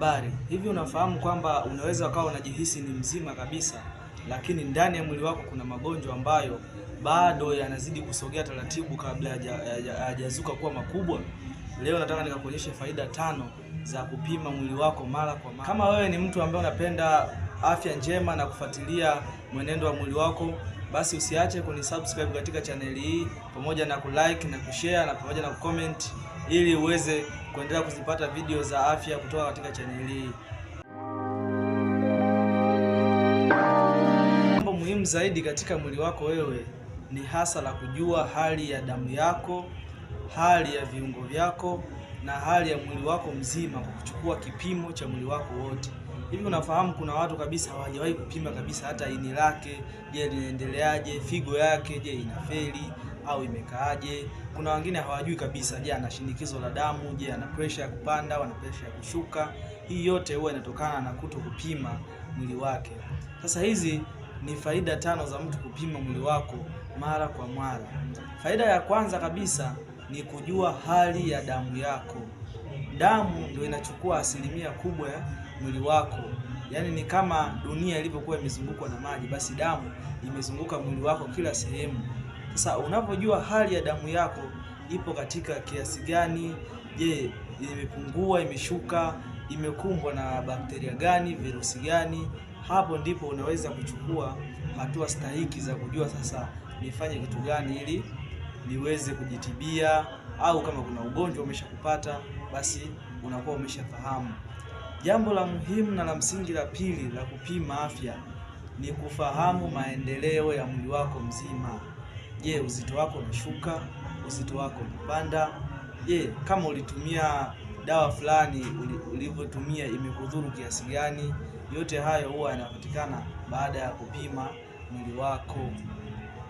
Habari, hivi unafahamu kwamba unaweza ukawa unajihisi ni mzima kabisa, lakini ndani ya mwili wako kuna magonjwa ambayo bado yanazidi kusogea taratibu kabla hayajazuka kuwa makubwa? Leo nataka nikakuonyeshe faida tano za kupima mwili wako mara kwa mara. Kama wewe ni mtu ambaye unapenda afya njema na kufuatilia mwenendo wa mwili wako, basi usiache kunisubscribe katika chaneli hii pamoja na kulike na kushare na pamoja na kucomment ili uweze kuendelea kuzipata video za afya kutoka katika chaneli hii. Mambo muhimu zaidi katika mwili wako wewe ni hasa la kujua hali ya damu yako, hali ya viungo vyako na hali ya mwili wako mzima, kwa kuchukua kipimo cha mwili wako wote. Hivi unafahamu kuna watu kabisa hawajawahi kupima kabisa hata ini lake, je, linaendeleaje? Figo yake, je, inafeli? au imekaaje. Kuna wengine hawajui kabisa, je, ana shinikizo la damu? Je, ana presha ya kupanda au ana presha ya kushuka? Hii yote huwa inatokana na kuto kupima mwili wake. Sasa hizi ni faida tano za mtu kupima mwili wako mara kwa mara. Faida ya kwanza kabisa ni kujua hali ya damu yako. Damu ndio inachukua asilimia kubwa ya mwili wako, yaani ni kama dunia ilivyokuwa imezungukwa na maji, basi damu imezunguka mwili wako kila sehemu. Sasa unapojua hali ya damu yako ipo katika kiasi gani, je, imepungua, imeshuka, imekumbwa na bakteria gani, virusi gani, hapo ndipo unaweza kuchukua hatua stahiki za kujua sasa nifanye kitu gani ili niweze kujitibia, au kama kuna ugonjwa umeshakupata basi unakuwa umeshafahamu. Jambo la muhimu na la msingi la pili la kupima afya ni kufahamu maendeleo ya mwili wako mzima. Je, uzito wako unashuka? Uzito wako unapanda? Je, kama ulitumia dawa fulani ulivyotumia imekudhuru kiasi gani? Yote hayo huwa yanapatikana baada ya kupima mwili wako.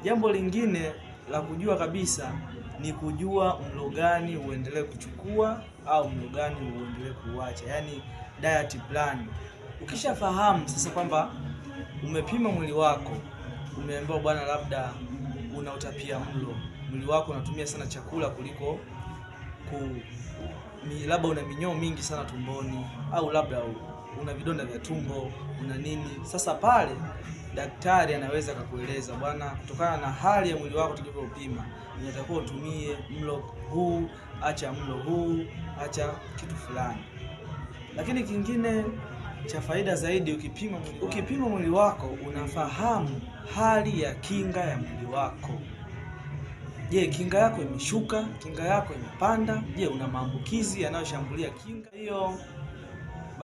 Jambo lingine la kujua kabisa ni kujua mlo gani uendelee kuchukua au mlo gani uendelee kuuacha, yaani diet plan. Ukishafahamu sasa kwamba umepima mwili wako, umeambiwa bwana, labda una utapia mlo, mwili wako unatumia sana chakula kuliko ku, labda una minyoo mingi sana tumboni, au labda una vidonda vya tumbo, una nini. Sasa pale daktari anaweza akakueleza, bwana, kutokana na hali ya mwili wako tulivyopima, inatakiwa utumie mlo huu, acha mlo huu, acha kitu fulani. Lakini kingine cha faida zaidi, ukipima mwili, ukipima mwili wako unafahamu hali ya kinga ya mwili wako. Je, kinga yako imeshuka? Kinga yako imepanda? Je, una maambukizi yanayoshambulia kinga hiyo?